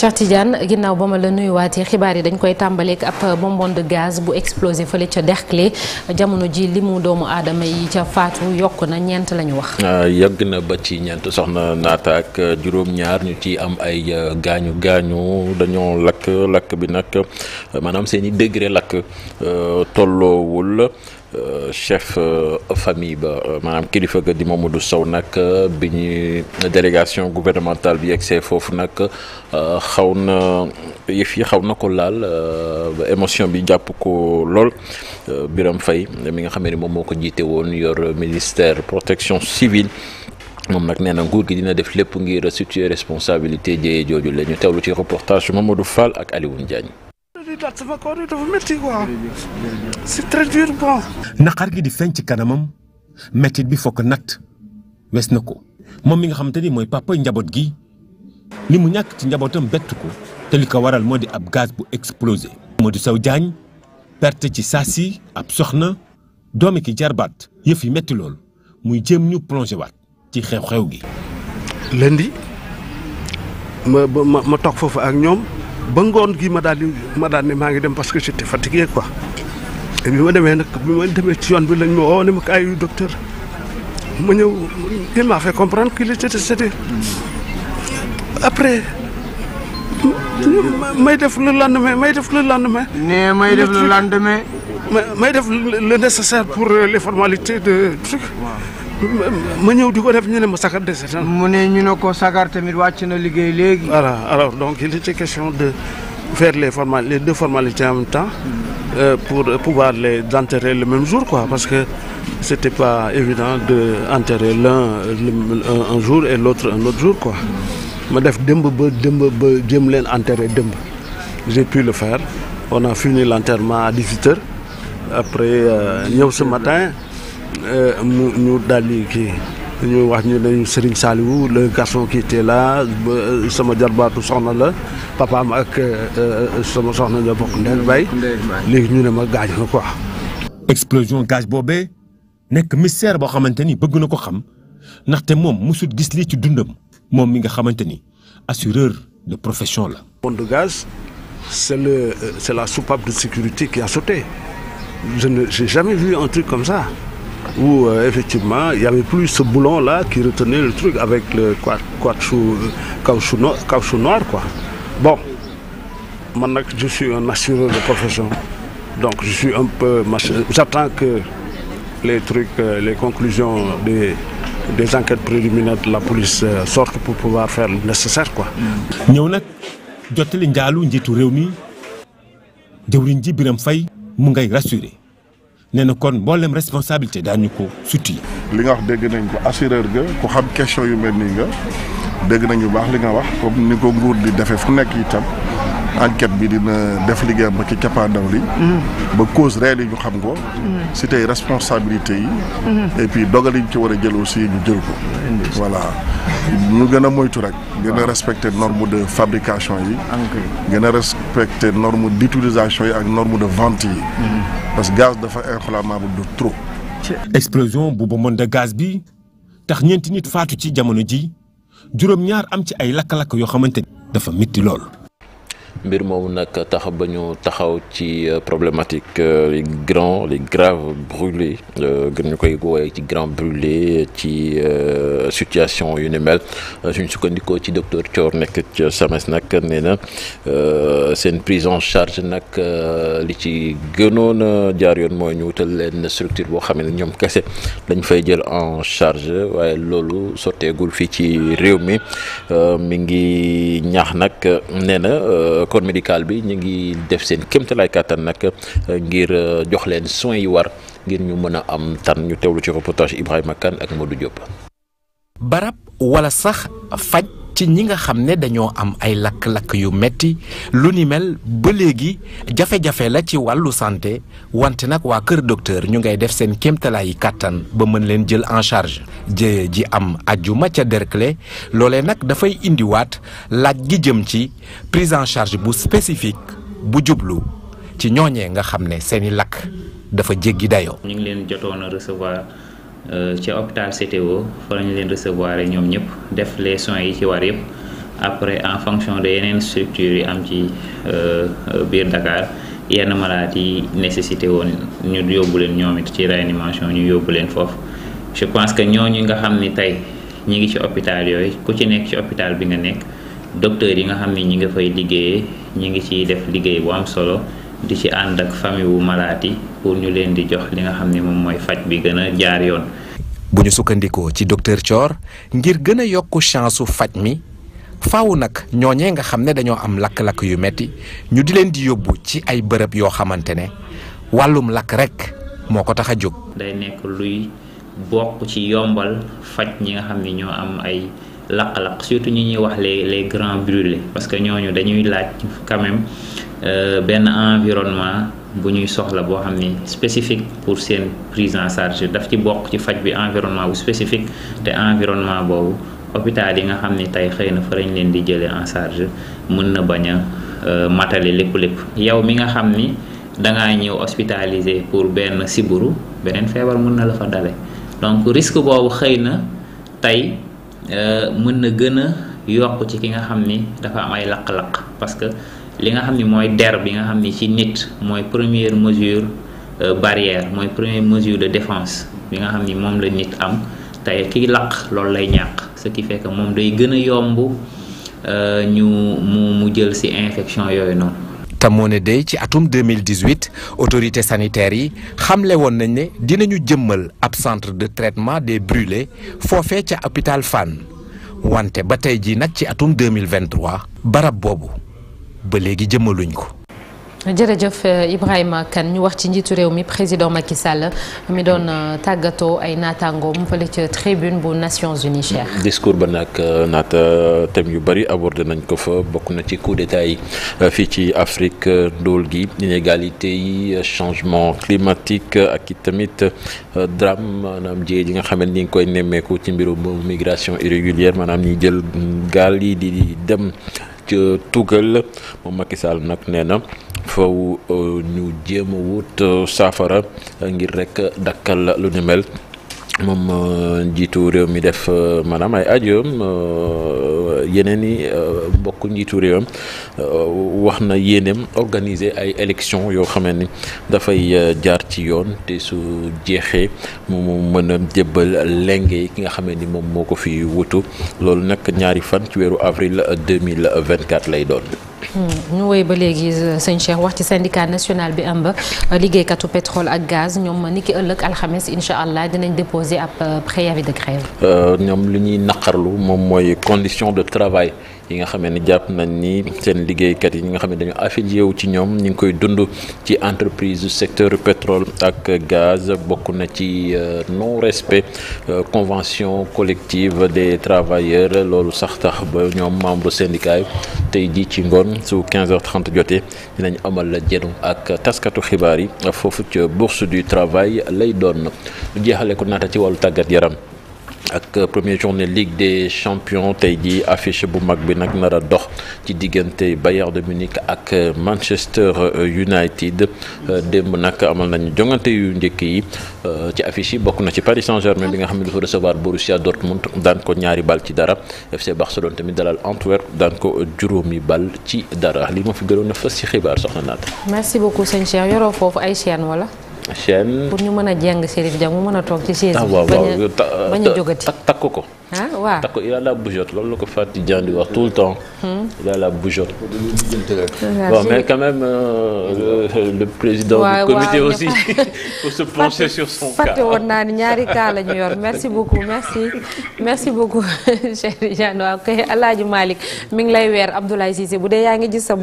Cheikh Tidiane ginnaaw ba ma la nuyuwaatee xibaar yi dañ koy tàmbaleek ab bonbonne de gaz bu explosé fële ca Derklé jamono ji mu doomu aadama yi ca faatu yokk na ñeent la ñu wax. Ah, yàgg na ba ci ñeent soxna naata ak juróom-ñaar ñu ci am ay euh, gaañu gaañu dañoo lakk lakk bi nag maanaam seen i degré lakk euh, tolloowul. Euh, chef euh, famille ba euh, maanaam kilifa ga di du Sow nag bi ñuy délégation gouvernementale bi yegsee foofu nag xaw na yëf yi xaw na ko laal ba émotion bi jàpp ko lool biram Birame Faye mi nga xam ne moom moo ko jiite woon yor ministère protection civile moom nag nee na nguur gi dina def lépp ngir situer responsabilité jëye jooju la ñu teewlu ci reportage du Fall ak Alioune Diagne. daal sama kaw rek dafa métti quoi c'est très dur naqar gi di feeñ ci kanamam métti bi fokk natt wes na ko moom mi nga xamante ni mooy papa njaboot gi li mu ñàkk ci njabootam bett ko te li ko waral moo di ab gaz bu explosé. di saw Diagne perte ci saasi ab soxna doomi ki jarbaat yëf yi métti loolu muy jéem ñu plongé waat ci xew-xew gi. lundi ma ma ma toog foofu ak ñoom. ba ngoon gi ma daal di ma daal ne maa ngi dem parce que j'étais fatigee ko te bi ma demee nag bi ma demee ci yoon bi lañ moo woo ne ma kaay docteur ma ñëw il m'a fait comprendre qu'il était c'était après may def le lendemain may def le lendemain. nee may def le lendemain. may def le nécessaire pour euh, les formalités de truc. ma ñëw di ko def ñu ne ma sagar dese na. mu ne ñu ne ko sagar tamit wàcc na liggéey léegi. voilà alors donc il était question de faire les formal les deux formalités en même temps. Euh, pour pouvoir les enterrer le même jour quoi parce que c'était pas évident de enterrer l'un un, jour et l'autre un autre jour quoi. ma def dëmb ba dëmb ba jëm leen enterrer dëmb. j'ai pu le faire on a fini l'enterrement à 18 heures après euh, ñëw euh, ce matin. Euh, mu ñu daal di kii ñu wax ñu ne Serigne Saliou le garçon qui était là sama jarbaatu soxna la papaam ak euh, euh, sama soxna la bokk ndey bay léegi ñu ne ma gaañ na ko explosion gaz boobee nekk mystère boo xamante ni bëgg na ko xam ndaxte moom musul gis lii ci dundam moom mi nga xamante ni assureur de profession la. pompe de gaz c'est le c'est la soupape de sécurité qui a sauté je ne j'ai jamais vu un truc comme ça. où euh, effectivement il y avait plus ce boulon là qui retenait le truc avec le euh, caoutchouc caoutchouc noir, caoutchouc noir quoi bon man nag je suis un assureur de profession donc je suis un peu j'attends que les trucs euh, les conclusions des des enquêtes préliminaires de la police sortent pour pouvoir faire le nécessaire quoi. ñëw nag jottali njaalu njiitu réew mi jëwriñ ji biram Faye mu ngay rassuré. nee na kon mboolem responsabilité daañu ko suti li nga wax dégg nañ ko assureur ga ku xam question yu mel nii nga dégg nañu baax li nga wax comme ni ko nguur di defee fu nekk itam enquête bi dina def liggéeyam ba ci cappaandaw li mm-hmm. ba cause réelle yi ñu xam ko. Mm-hmm. si tey responsabilité yi. Mm-hmm. et puis dogal yi ci war a jël aussi ñu jël ko. voilà ñu gën a moytu rek. gën a respecte norme de fabrication yi. gën a respecter norme d' utilisation yi ak norme de vente yi. parce que gaz dafa inexorable de trop. explosion bu bonbonne de gaz bi tax ñeenti nit faatu ci jamono ji juróom-ñaar am ci ay lakk-lakk yoo xamante ni dafa metti lool. mbir moomu nag tax ba ñu taxaw ci euh, problématique euh, les grands les graves brûlés euh, gën ñu ci grand brûlé ci situation yu ni mel suñ sukkandikoo ci docteur Thior nekk ci SAMES nag nee na seen prise en charge nag li ci gënoon jaar yoon mooy ñu wutal leen structure boo xam ne ñoom kese dañ fay jël en charge waaye loolu sotteegul fii ci réew mi mi ngi ñaax nag neena na. corps médical bi ñu ngi def seen kéemtalaay kàttan nag euh, ngir euh, jox leen soins yi war ngir ñu mën a am tan ñu teewlu ci reportage Ibrahima Kane ak Modou Diop. barab wala sax faj. ci ñi nga xam ne dañoo am ay lakk-lakk yu metti lu ni mel ba léegi jafe-jafe la ci wàllu santé wante nag waa kër docteur ñu ngay def seen yi kàttan ba mën leen jël en charge jëye ji am ajjuma ca Derklé loole nag dafay indiwaat laaj gi jëm ci prise en charge bu spécifique bu jublu ci ñooñee nga xam ne seeni lakk dafa jéggi dayoo. ñu ngi leen Euh, ci hôpital CTO fa lañu leen recevoir ñoom ñëpp def les soins yi ci war yëpp après en fonction de yeneen structures yi am ci euh, biir Dakar yenn malades yi nécessité woon ñu yóbbu leen ñoom ci réanimation ñu yóbbu leen foofu je pense que ñooñu nga xam ni tey ñi ngi ci hôpital yooyu ku ci nekk ci hôpital bi nga nekk docteur yi nga xam ni ñi nga fay liggéeyee ñi ngi ciy def liggéey bu am solo di ci ànd ak famille wu malaat yi pour ñu leen di jox li nga xam ni moom mooy faj bi gën a jaar yoon. bu ñu sukkandikoo ci docteur Thior ngir gën a yokk chance su faj mi faw nag ñooñee nga xam ne dañoo am lakk-lakk yu metti ñu di leen di yóbbu ci ay bërëb yoo xamante ne wàllum lakk rek moo ko tax a jóg. day nekk luy bokk ci yombal faj ñi nga xam ni ñoo am ay. lakk-lakk surtout ñi ñuy wax les les grands brûlés parce que ñooñu dañuy laaj quand Euh, benn environnement bu ñuy soxla boo xam ni spécifique pour seen prise en charge daf ci bokk ci faj bi environnement bu spécifique te environnement boobu hôpital yi nga xam ni tey xëy na fa lañ leen di jëlee en charge mën na bañ a euh, matale lépp lépp yow mi nga xam ni dangaa ñëw hospitalisé pour benn siburu beneen feebar mën na la fa dale donc risque boobu xëy na tey euh, mën na gën yokk ci ki nga xam ni dafa am ay laq-laq que li nga xam ni mooy der bi nga xam ni ci nit mooy première mesure euh, barrière mooy première mesure de défence bi nga xam ni moom la nit am tey kiy laq loolu lay ñàkk ce qui fait moom day gën a yomb euh, ñu mu jël ci infection yooyu noonu. te moo ne day ci atum 2018 autorités sanitaires yi xamle woon nañ ne dinañu jëmmal ab centre de traitement des brûlés foofee ca hôpital Fann wante ba tey jii nag ci atum 2023 barab boobu. ba léegi jëmmaluñ ko. jërëjëf Ibrahima Kane ñu wax ci njiitu réew mi président Macky Sall mi doon euh, tàggatoo ay naataangoom fële ca tribune bu Nations Unies Cheikh. discours ba nag euh, naata thème yu bari abordé nañ ko fa bokk na ci coup d'état yi euh, fii ci Afrique ndóol gi inégalité yi changement climatique ak i tamit drame maanaam jigéen ji nga xam ne ni nga koy nemmeeku ci mbirum migration irrégulière maanaam ñi jël gaal yi di dem. ca Tugal moom Macky Sall nag nee na faw euh, ñu jéem a wut euh, saafara ngir rek dakkal lu ni mel. moom euh, njiitu réew mi def euh, maanaam ay ajoom euh, yeneen i mbokk njiitu réewam wax na yéeneem organiser ay élections yoo xamee ni dafay jaar ci yoon te su jeexee mu mën a jébbal lenge ki nga xamee ni moom moo ko fi wutu loolu nag ñaari fan ci weeru avril 2024 lay doon. Hmm. ñu woy ba léegi euh, sëñ Cheikh wax ci syndicat national bi ëmb euh, liggéeykatu pétrole ak gaz ñoom ni ki ëllëg alxames incha allah dinañ déposer ab euh, préavis de grève. ñoom li ñuy naqarlu moom mooy condition de travail. yi nga xamee ni jàpp nañ ni seen liggéeykat yi ñi nga xam ne dañu affilié wu ci ñoom ñu ngi koy dund ci entreprise secteur pétrole ak gaz bokk na ci euh, non respect euh, convention collective des travailleurs loolu sax tax ba ñoom membre syndicat yi tey jii ci ngoon su 15h30 jotee dinañ amal la jenu ak taskatu xibaar yi foofu ca bourse du travail lay doon lu jeexale ko naata ci wàllu tàggat yaram ak euh, première journée Ligue des champions tey jii affiche bu mag bi nag nar a dox ci diggante Bayern de Munich ak euh, Manchester euh, United démb nag amal nañu jongante yu njëkk yi ci affiche yi bokk na ci Paris Saint-Germain bi nga xam ne dafa recevoir Borussia Dortmund daan ko ñaari bal ci dara FC Barcelone tamit dalal Antwerp daan ko juróomi bal ci dara li ma fi gënoon a fës ci xibaar soxna naata. merci beaucoup sëñ Cheikh yoroo foofu ay chaîne wala. chaîne pour ñu mën a jàng Chérif Dia mu mën a toog ci chaise ah, bañ a a jógati takk ko. ah waaw takk ko il a la la ko Fatou Dieng di wax tout le temps. Hmm. il a la bougeotte. bon mais quand même euh, le, le président. Ouais, du comité ouais, aussi pour se pencher sur son cas. fàtte woon naa ni ñaari cas la ñu yor merci beaucoup merci merci beaucoup Chérif kay El Hadj Malick mi weer Abdoulaye Cissé bu dee yaa ngi gis sa.